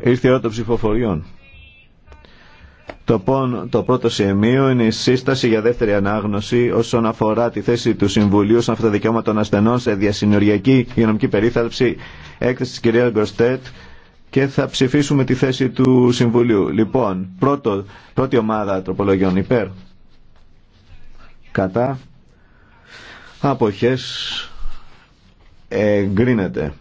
Ήρθε η ώρα των ψηφοφοριών. Το, πρώτο σημείο είναι η σύσταση για δεύτερη ανάγνωση όσον αφορά τη θέση του Συμβουλίου σαν αυτά τα δικαιώματα των ασθενών σε διασυνοριακή υγειονομική περίθαλψη έκθεση της κυρία Γκορστέτ και θα ψηφίσουμε τη θέση του Συμβουλίου. Λοιπόν, πρώτο, πρώτη ομάδα τροπολογιών υπέρ. Κατά. Αποχές εγκρίνεται.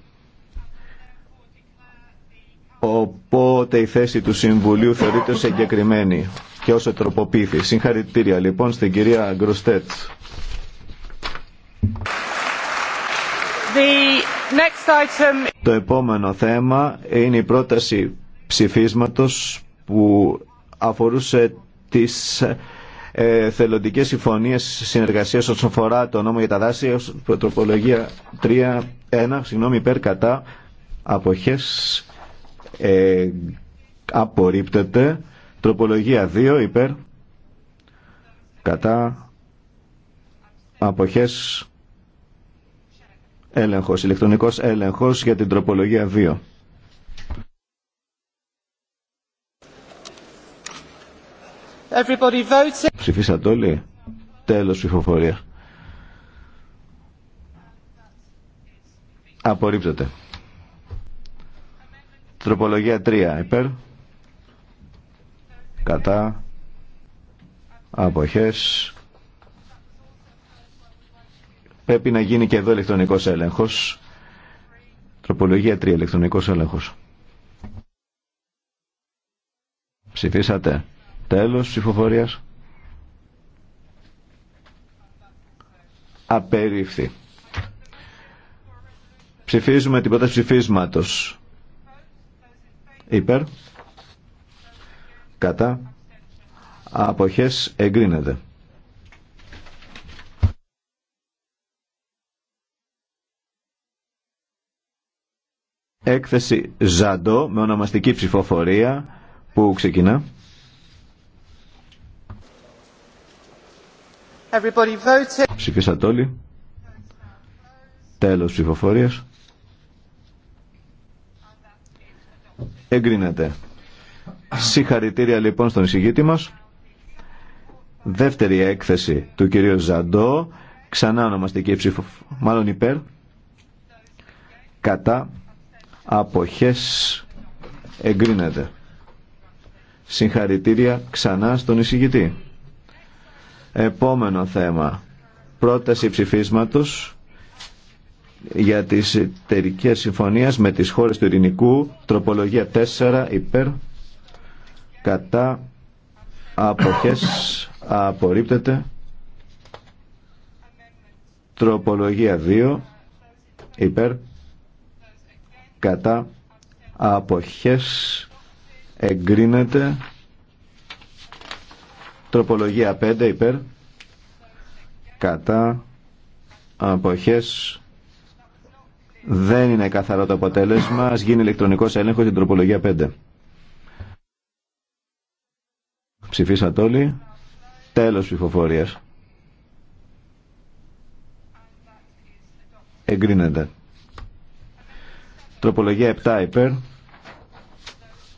Οπότε η θέση του Συμβουλίου θεωρείται ως εγκεκριμένη και ως τροποποίηθη. Συγχαρητήρια λοιπόν στην κυρία Γκροστέτ. Το επόμενο θέμα είναι η πρόταση ψηφίσματος που αφορούσε τις ε, θελοντικές συμφωνίες συνεργασίας όσον αφορά το νόμο για τα δάση, τροπολογία 3, 1, συγγνώμη, υπέρ κατά αποχές ε, απορρίπτεται, τροπολογία 2, υπέρ κατά αποχές έλεγχος, ηλεκτρονικός έλεγχος για την τροπολογία 2. Ψηφίσατε όλοι. Τέλος ψηφοφορία. Απορρίπτεται. Τροπολογία 3. Υπέρ. Κατά. Αποχές. Πρέπει να γίνει και εδώ ηλεκτρονικός έλεγχος. Τροπολογία 3. Ηλεκτρονικός έλεγχος. Ψηφίσατε. Τέλος ψηφοφορίας. Απερίφθη. Ψηφίζουμε την πρόταση ψηφίσματος. Υπέρ. Κατά. Αποχές εγκρίνεται. Έκθεση Ζαντό με ονομαστική ψηφοφορία που ξεκινά. Ψηφίσατε όλοι. Τέλος ψηφοφορίας. Εγκρίνεται. Συγχαρητήρια λοιπόν στον εισηγήτη μας. Δεύτερη έκθεση του κυρίου Ζαντό. Ξανά ονομαστική ψηφοφορία. Μάλλον υπέρ. Κατά. Αποχές. Εγκρίνεται. Συγχαρητήρια ξανά στον εισηγητή. Επόμενο θέμα. Πρόταση ψηφίσματος για τις εταιρικές συμφωνίες με τις χώρες του ειρηνικού. Τροπολογία 4 υπέρ κατά αποχές απορρίπτεται. Τροπολογία 2 υπέρ κατά αποχές εγκρίνεται Τροπολογία 5 υπέρ κατά αποχές δεν είναι καθαρό το αποτέλεσμα. Ας γίνει ηλεκτρονικός έλεγχος την τροπολογία 5. Ψηφίσατε όλοι. Τέλος ψηφοφορίας. Εγκρίνεται. Τροπολογία 7 υπέρ.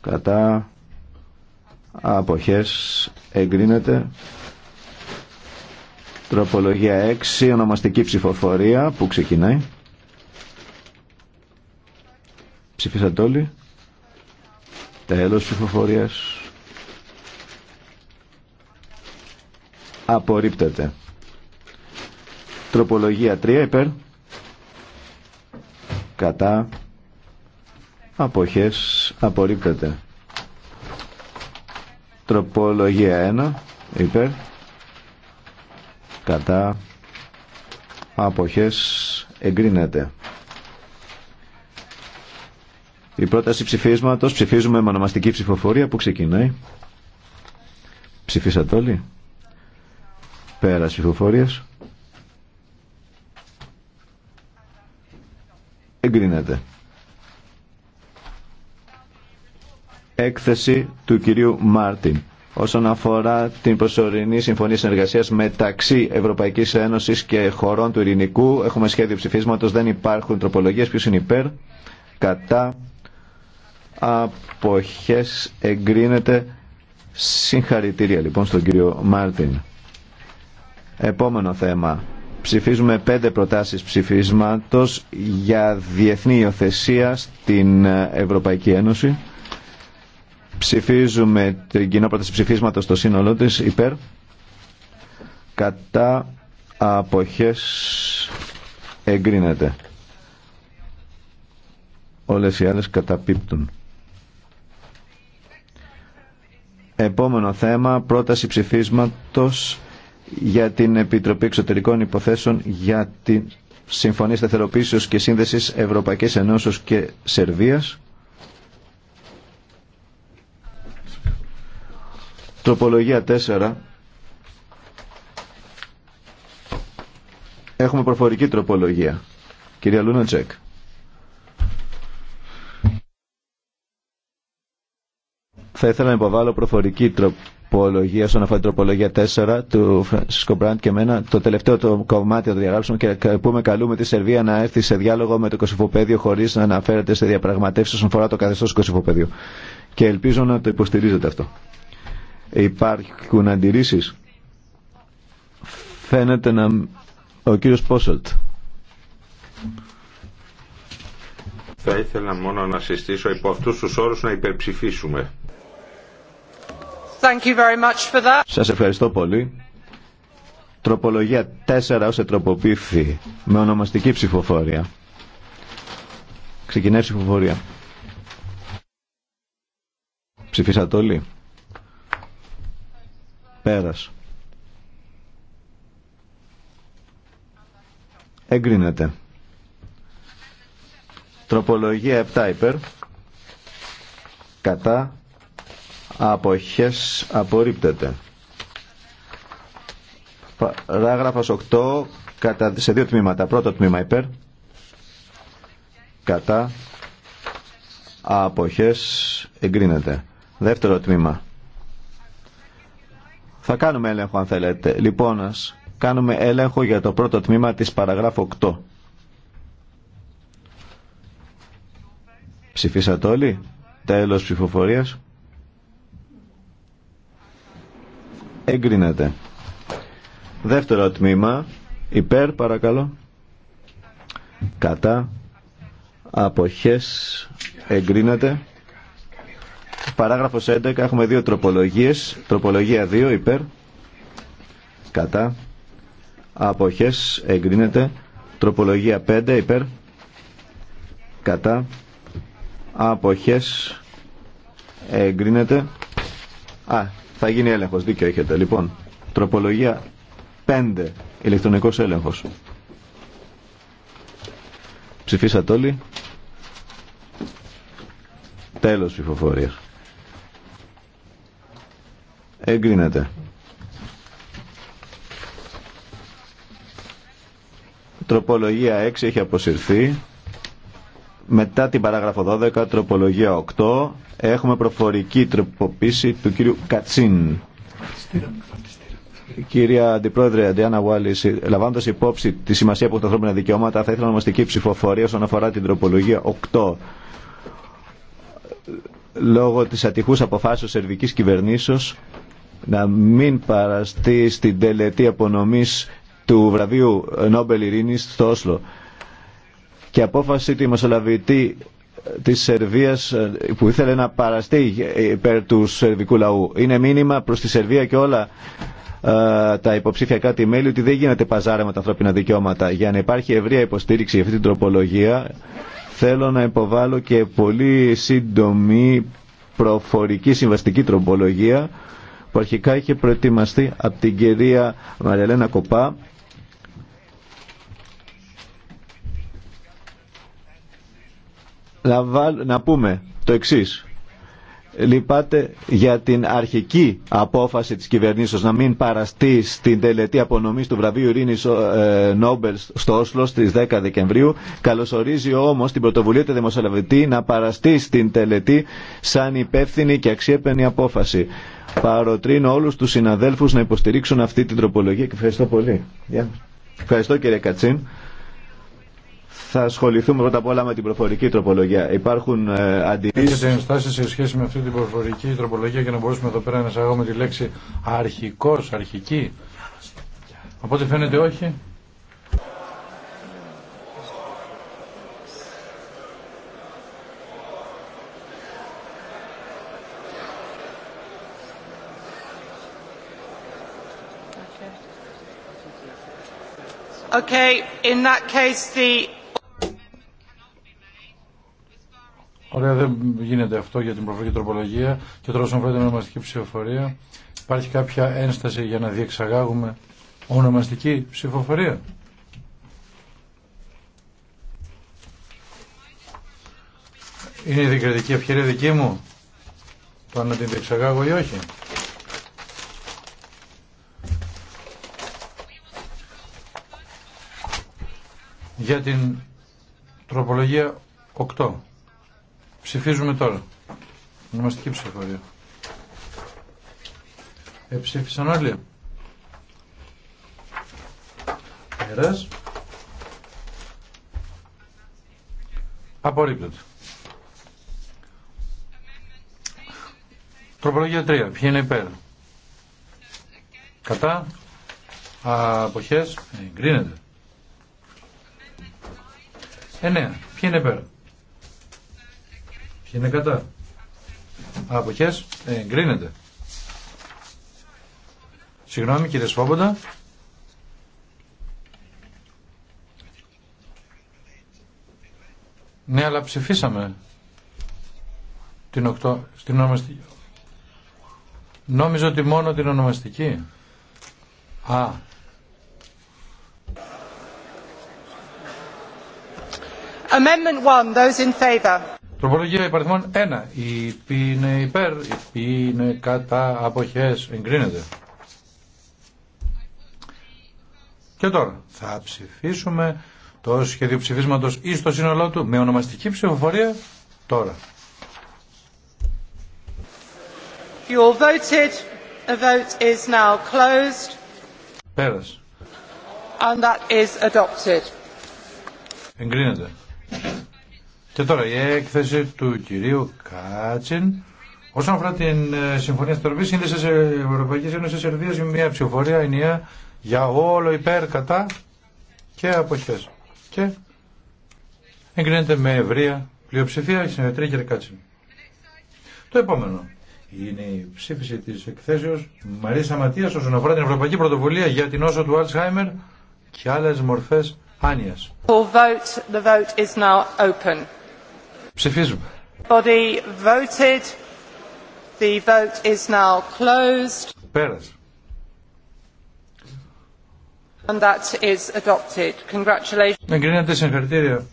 Κατά αποχές εγκρίνεται. Τροπολογία 6, ονομαστική ψηφοφορία που ξεκινάει. Ψηφίσατε όλοι. Τέλος ψηφοφορίας. Απορρίπτεται. Τροπολογία 3 υπέρ. Κατά. Αποχές. Απορρίπτεται. Τροπολογία 1 υπέρ κατά αποχές εγκρίνεται. Η πρόταση ψηφίσματος ψηφίζουμε με ονομαστική ψηφοφορία που ξεκινάει. Ψηφίσατε όλοι. Πέρας ψηφοφορίας. Εγκρίνεται. έκθεση του κυρίου Μάρτιν όσον αφορά την προσωρινή συμφωνία συνεργασίας μεταξύ Ευρωπαϊκής Ένωσης και χωρών του Ειρηνικού. Έχουμε σχέδιο ψηφίσματος, δεν υπάρχουν τροπολογίες. Ποιος είναι υπέρ, κατά, αποχές, εγκρίνεται. Συγχαρητήρια λοιπόν στον κύριο Μάρτιν. Επόμενο θέμα. Ψηφίζουμε πέντε προτάσεις ψηφίσματος για διεθνή υιοθεσία στην Ευρωπαϊκή Ένωση. Ψηφίζουμε την κοινό πρόταση ψηφίσματο στο σύνολό τη υπέρ. Κατά αποχές εγκρίνεται. Όλες οι άλλες καταπίπτουν. Επόμενο θέμα, πρόταση ψηφίσματος για την Επιτροπή Εξωτερικών Υποθέσεων για την Συμφωνία Σταθεροποίησης και Σύνδεσης Ευρωπαϊκής Ενώσεως και Σερβίας. Τροπολογία 4. Έχουμε προφορική τροπολογία. Κυρία τσεκ. Θα ήθελα να υποβάλω προφορική τροπολογία στον αφορά τροπολογία 4 του Φρανσίσκο Μπραντ και εμένα. Το τελευταίο το κομμάτι θα το διαγράψουμε και πούμε καλούμε τη Σερβία να έρθει σε διάλογο με το Κωσυφοπαίδιο χωρίς να αναφέρεται σε διαπραγματεύσεις όσον αφορά το καθεστώς του Κωσυφοπαίδιο. Και ελπίζω να το υποστηρίζετε αυτό. Υπάρχουν αντιρρήσεις. Φαίνεται να... Ο κύριος Πόσολτ. Θα ήθελα μόνο να συστήσω υπό αυτούς τους όρους να υπερψηφίσουμε. Thank you very much for that. Σας ευχαριστώ πολύ. Τροπολογία 4 ως ετροποποίηθη με ονομαστική ψηφοφορία. Ξεκινάει ψηφοφορία. Ψηφίσατε όλοι. Πέρας. Εγκρίνεται. Τροπολογία 7 υπέρ. Κατά. Αποχές απορρίπτεται. Παράγραφος 8 κατά, σε δύο τμήματα. Πρώτο τμήμα υπέρ. Κατά. Αποχές εγκρίνεται. Δεύτερο τμήμα θα κάνουμε έλεγχο αν θέλετε. Λοιπόν, ας κάνουμε έλεγχο για το πρώτο τμήμα της παραγράφου 8. Ψηφίσατε όλοι. Τέλος ψηφοφορίας. Εγκρίνεται. Δεύτερο τμήμα. Υπέρ παρακαλώ. Κατά. Αποχές. Εγκρίνεται. Παράγραφος 11 έχουμε δύο τροπολογίες. Τροπολογία 2 υπέρ. Κατά. Αποχές εγκρίνεται. Τροπολογία 5 υπέρ. Κατά. Αποχές εγκρίνεται. Α, θα γίνει έλεγχος. Δίκιο έχετε. Λοιπόν, τροπολογία 5. Ηλεκτρονικός έλεγχος. Ψηφίσατε όλοι. Τέλος ψηφοφορίας εγκρίνεται. Τροπολογία 6 έχει αποσυρθεί. Μετά την παράγραφο 12, τροπολογία 8, έχουμε προφορική τροποποίηση του κύριου Κατσίν. Κυρία Αντιπρόεδρε, Αντιάννα Βουάλη, λαμβάνοντα υπόψη τη σημασία που έχουν τα ανθρώπινα δικαιώματα, θα ήθελα να ονομαστική ψηφοφορία όσον αφορά την τροπολογία 8. Λόγω τη ατυχού αποφάσεω σερβική κυβερνήσεω, να μην παραστεί στην τελετή απονομής του βραβείου Νόμπελ Ειρήνης στο Όσλο. Και απόφαση τη Μεσολαβητή της Σερβίας ε, που ήθελε να παραστεί υπέρ του σερβικού λαού. Είναι μήνυμα προς τη Σερβία και όλα ε, τα υποψήφια κάτι μέλη ότι δεν γίνεται παζάρα με τα ανθρώπινα δικαιώματα. Για να υπάρχει ευρεία υποστήριξη για αυτή την τροπολογία θέλω να υποβάλω και πολύ σύντομη προφορική συμβαστική τροπολογία που αρχικά είχε προετοιμαστεί από την κυρία Μαριαλένα Κοπά να πούμε το εξής λυπάται για την αρχική απόφαση της κυβερνήσεως να μην παραστεί στην τελετή απονομής του βραβείου Ειρήνης ε, Νόμπελ στο Όσλο στις 10 Δεκεμβρίου. Καλωσορίζει όμως την πρωτοβουλία του Δημοσιολαβητή να παραστεί στην τελετή σαν υπεύθυνη και αξιέπαινη απόφαση. Παροτρύνω όλους τους συναδέλφους να υποστηρίξουν αυτή την τροπολογία ευχαριστώ πολύ. Ευχαριστώ κύριε Κατσίν. Θα ασχοληθούμε πρώτα απ' όλα με την προφορική τροπολογία. Υπάρχουν ε, αντιρρήσει. σε σχέση με αυτή την προφορική τροπολογία για να μπορούμε εδώ πέρα να εισαγάγουμε τη λέξη αρχικός, αρχική. Οπότε φαίνεται όχι. Okay, in that case the Ωραία, δεν γίνεται αυτό για την προφορική τροπολογία και τώρα όσον την ονομαστική ψηφοφορία. Υπάρχει κάποια ένσταση για να διεξαγάγουμε ονομαστική ψηφοφορία. Είναι η δικαιωτική ευκαιρία δική μου το να την διεξαγάγω ή όχι. Για την τροπολογία 8. Ψηφίζουμε τώρα. Ονομαστική ψηφοφορία. Εψήφισαν όλοι. Πέρας. Απορρίπτεται. Τροπολογία 3. Ποιοι είναι υπέρ. Κατά. Αποχές. Εγκρίνεται. 9. Ποιοι είναι υπέρ. Ποιοι είναι κατά. Αποχές. Εγκρίνεται. Συγγνώμη κύριε Σφόποντα. Ναι, αλλά ψηφίσαμε την οκτώ, στην ονομαστική. Νόμιζα ότι μόνο την ονομαστική. Α. Amendment 1, those in favor. Τροπολογία υπαριθμών 1. Υπή είναι υπέρ, υπή είναι κατά αποχές, εγκρίνεται. Και τώρα θα ψηφίσουμε το σχέδιο ψηφίσματος ή στο σύνολό του με ονομαστική ψηφοφορία τώρα. You voted. vote is now closed. Πέρας. And that is adopted. Εγκρίνεται. Και τώρα η έκθεση του κυρίου Κάτσιν όσον αφορά την ε, Συμφωνία είναι σε Ευρωπαϊκή Ένωσης Σερβίας με μια ψηφοφορία ενιαία για όλο υπέρ κατά και αποχές. Και εγκρίνεται με ευρεία πλειοψηφία η συνεδρία κύριε Κάτσιν. Το επόμενο είναι η ψήφιση της εκθέσεως Μαρίσα Ματίας όσον αφορά την Ευρωπαϊκή Πρωτοβουλία για την όσο του Αλτσχάιμερ και άλλες μορφές άνοιας. The vote, the vote is now open. Ψηφίζουμε. Body voted. The vote is now closed. Πέρασε. And that is adopted. Congratulations. Εγκρίνεται συγχαρητήρια,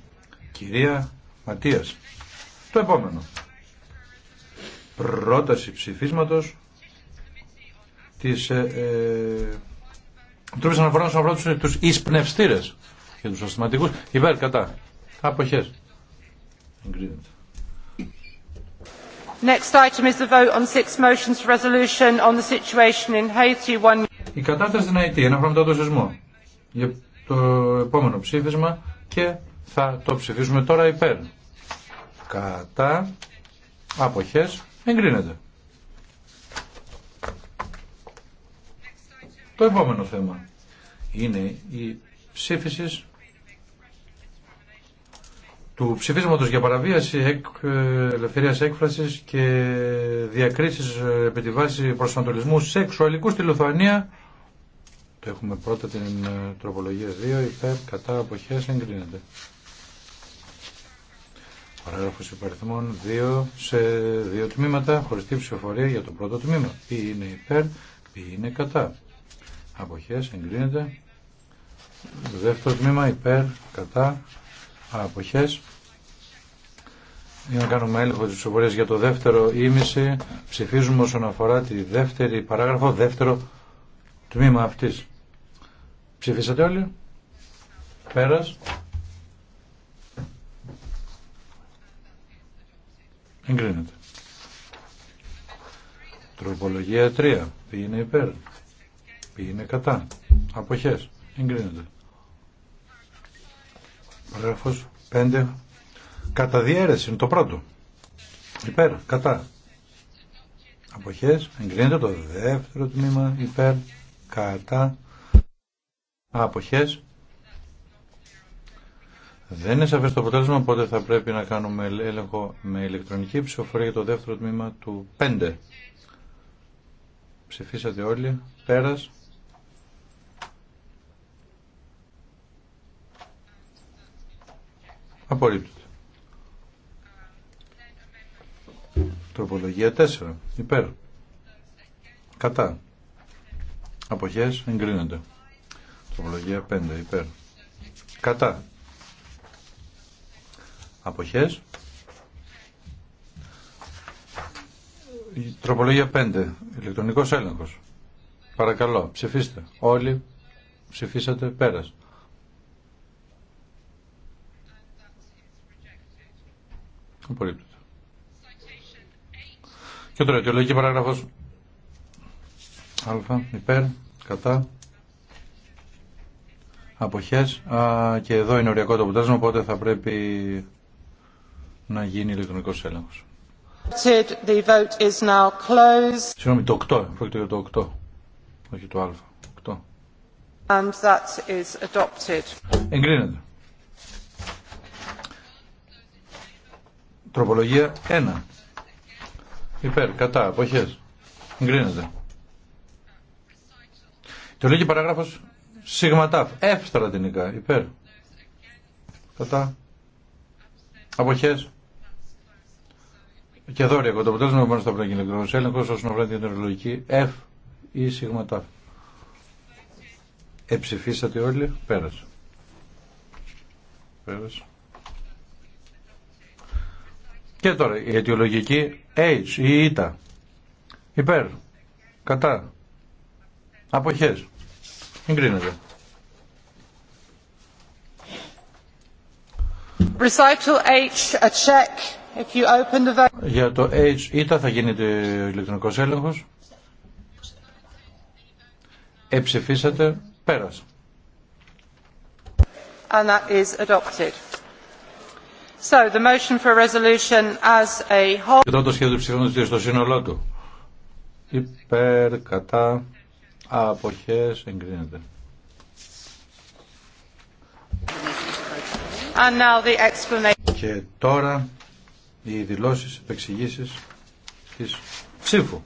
κυρία Ματίας. Το επόμενο. Πρόταση ψηφίσματος της ε, ε, Τρόπης Αναφοράς αφορά τους, τους εισπνευστήρες και τους αστηματικούς. Υπέρ, κατά. Αποχές. Εγκρίνεται. Next item is the vote on six motions for resolution on the situation in Haiti. One... Η κατάσταση στην Αϊτή, ένα χρόνο το σεισμό. Για το επόμενο ψήφισμα και θα το ψηφίσουμε τώρα υπέρ. Κατά αποχές εγκρίνεται. Το επόμενο θέμα είναι η ψήφιση του ψηφίσματος για παραβίαση εκ, ε, ελευθερίας έκφρασης και διακρίσεις ε, επί τη βάση προσανατολισμού σεξουαλικού στη Λουθουανία. Το έχουμε πρώτα την ε, τροπολογία 2, υπέρ, κατά, αποχές, εγκρίνεται. Παράγραφος υπαριθμών 2 σε δύο τμήματα, χωριστή ψηφοφορία για το πρώτο τμήμα. Ποιοι είναι υπέρ, ποιοι είναι κατά. Αποχές, εγκρίνεται. Δεύτερο τμήμα, υπέρ, κατά, αποχές. Για να κάνουμε έλεγχο τη για το δεύτερο ήμιση, ψηφίζουμε όσον αφορά τη δεύτερη παράγραφο, δεύτερο τμήμα αυτής. Ψηφίσατε όλοι. Πέρας. Εγκρίνεται. Τροπολογία 3. Ποιοι είναι υπέρ. Ποιοι είναι κατά. Αποχές. Εγκρίνεται. Παραγραφός 5. Κατά διαίρεση είναι το πρώτο. Υπέρ, κατά. Αποχές. Εγκρίνεται το δεύτερο τμήμα. Υπέρ, κατά. Αποχές. Δεν είναι σαφές το αποτέλεσμα, οπότε θα πρέπει να κάνουμε έλεγχο με ηλεκτρονική ψηφοφορία για το δεύτερο τμήμα του 5. Ψηφίσατε όλοι. Πέρας. Απορρίπτωται. Τροπολογία 4. Υπέρ. Κατά. Αποχές εγκρίνονται. Τροπολογία 5. Υπέρ. Κατά. Αποχές. Τροπολογία 5. Ηλεκτρονικός έλεγχος. Παρακαλώ, ψηφίστε. Όλοι ψηφίσατε πέρα. Απορρίπτεται. Και τώρα αιτιολογική παράγραφος α, υπέρ, κατά, αποχές α, και εδώ είναι οριακό το αποτέλεσμα οπότε θα πρέπει να γίνει ηλεκτρονικός έλεγχος. The Συγγνώμη, το 8, πρόκειται για το 8, όχι το α, 8. And Εγκρίνεται. Τροπολογία 1. Υπέρ, κατά, απόχέ. Γκρίνεται. Το λέγει παράγραφο παράγραφος σιγματάφ. Εύστρα λατινικά. Υπέρ. Κατά. Αποχέ. Και δόρυα το αποτέλεσμα μόνο στο πλέον ηλεκτρονικό έλεγχο όσον αφορά την τροπολογική. F ή σιγματάφ. Εψηφίσατε όλοι. Πέρασε. Πέρασε. Και τώρα η αιτιολογική H ή ΙΤΑ, Υπέρ. Κατά. Αποχές. Εγκρίνεται. Recital H, a check. If you open the Για το H ΙΤΑ θα γίνεται ο ηλεκτρονικός έλεγχος. Εψηφίσατε. Πέρασε. And that is adopted. So, the motion for resolution as a whole... Και τώρα το σχέδιο ψηφίσματος στο σύνολό του. Υπέρ, κατά, αποχές, εγκρίνεται. And now the explanation. Και τώρα οι δηλώσεις, επεξηγήσεις της ψήφου.